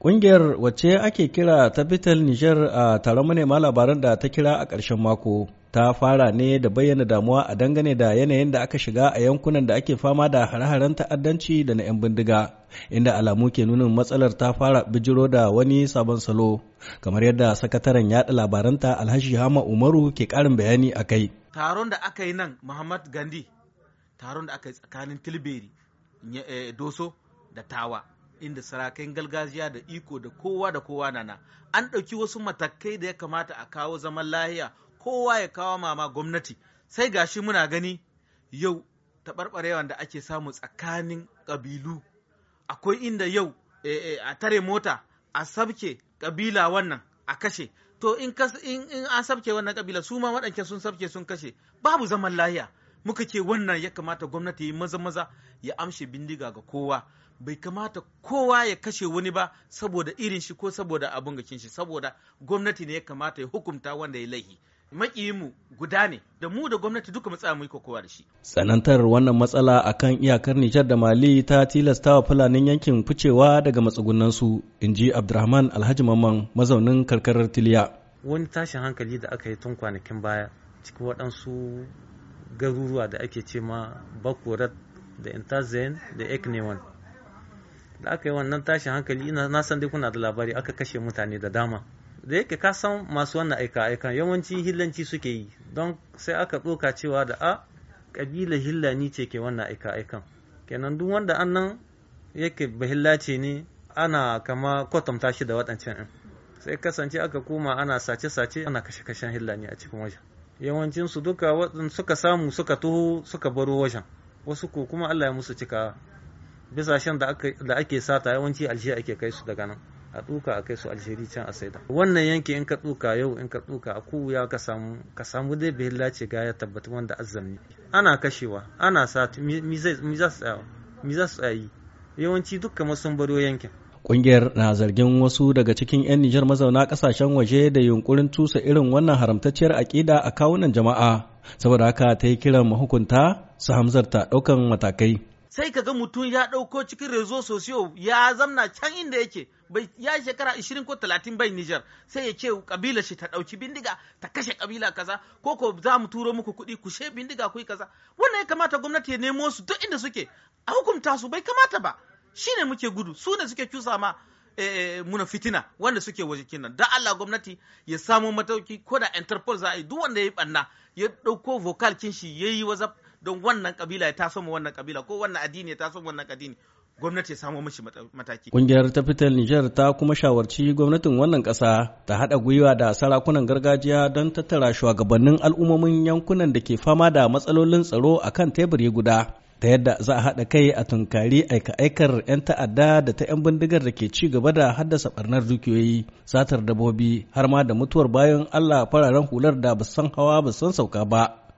Ƙungiyar wacce ake kira ta Bitel Niger a taron manema labaran da ta kira a ƙarshen mako ta fara ne da bayyana damuwa a dangane da yanayin da aka shiga a yankunan da ake fama da hare-haren ta'addanci da na 'yan bindiga, inda alamu ke nunin matsalar ta fara bijiro da wani sabon salo, kamar yadda sakataren yaɗa labaranta Alhaji Hama Umaru ke ƙarin bayani a kai. Taron da aka yi nan Muhammad Gandi, taron da aka yi tsakanin Tilberi, eh, Doso da Tawa. inda sarakan gargajiya da iko da kowa da kowa nana an ɗauki wasu matakai da ya kamata a kawo zaman lahiya kowa ya kawo mama gwamnati sai gashi muna gani yau taɓarɓarewan da ake samu tsakanin ƙabilu akwai inda yau eh, eh, a tare mota a sabke ƙabila wannan a kashe to in an sabke wannan ƙabila su ma waɗancan sun sabke sun kashe babu zaman lahiya muka ce wannan ya kamata gwamnati yi maza maza ya amshe bindiga ga kowa bai kamata kowa ya kashe wani ba saboda irin shi ko saboda abun gakin shi saboda gwamnati ne ya kamata ya hukunta wanda ya laihi mu guda ne da mu da gwamnati duka matsaya mu kokowa da shi. Tsanantar wannan matsala akan iyakar Nijar da Mali ta tilasta wa fulanin yankin ficewa daga matsugunan su inji Abdurrahman Alhaji Mamman mazaunin karkarar Tiliya. Wani tashin hankali da aka yi tun kwanakin baya cikin waɗansu garuruwa da ake ce ma Bakorat da Intazen da Eknewan. da aka yi wannan tashin hankali na san dai kuna da labari aka kashe mutane da dama da yake ka san masu wannan aika aika yawanci hillanci suke yi don sai aka ɗoka cewa da a ah, ƙabila hillani ce ke wannan aika aikan kenan duk wanda annan yake bahillace ne ana kama kwatanta shi da waɗancan ɗin sai kasance aka koma ana sace-sace ana kashe-kashen hillani a cikin wajen yawancin su duka suka samu suka tuho suka baro wajen wasu ko kuma allah ya musu cika bisashen da ake sata yawanci alshe ake kai su daga nan a tsuka a kai su alsheri can a saida wannan yanki in ka tsuka yau in ka tsuka a kuya ka samu ka samu dai bihilla ce ga ya tabbata wanda azzamni ana kashewa ana sata, mi za su tsaya tsayi yawanci dukkan masun baro yankin Ƙungiyar na zargin wasu daga cikin 'yan Nijar mazauna kasashen waje da yunkurin tusa irin wannan haramtacciyar aƙida a kawunan jama'a, saboda haka ta yi kiran mahukunta su hamzarta ɗaukan matakai. sai ka ga mutum ya ɗauko cikin rezo sosiyo ya zamna can inda yake bai ya shekara 20 ko 30 bai Nijar sai ya ce kabila shi ta ɗauki bindiga ta kashe kabila kaza ko ko za mu turo muku kuɗi ku she bindiga ku kaza wannan ya kamata gwamnati ya nemo su duk inda suke a hukunta su bai kamata ba shi ne muke gudu su ne suke cusa ma eh, eh, muna fitina wanda suke waje kinan da Allah gwamnati ya samo matauki ko da Interpol za a yi duk wanda ya yi ɓanna ya ɗauko vocal kin shi ya yi wazaf. don wannan kabila ya taso ma wannan kabila ko wannan addini ya taso ma wannan addini gwamnati ya samo mashi mataki. Kungiyar ta fitar Nijar ta kuma shawarci gwamnatin wannan ƙasa ta haɗa gwiwa da sarakunan gargajiya don tattara shugabannin al'ummomin yankunan da ke fama da matsalolin tsaro a kan teburi guda. Ta yadda za a haɗa kai a tunkari aika-aikar 'yan ta'adda da ta 'yan bindigar da ke ci gaba da haddasa barnar dukiyoyi, satar dabobi, har ma da mutuwar bayan Allah fararen hular da ba san hawa ba san sauka ba.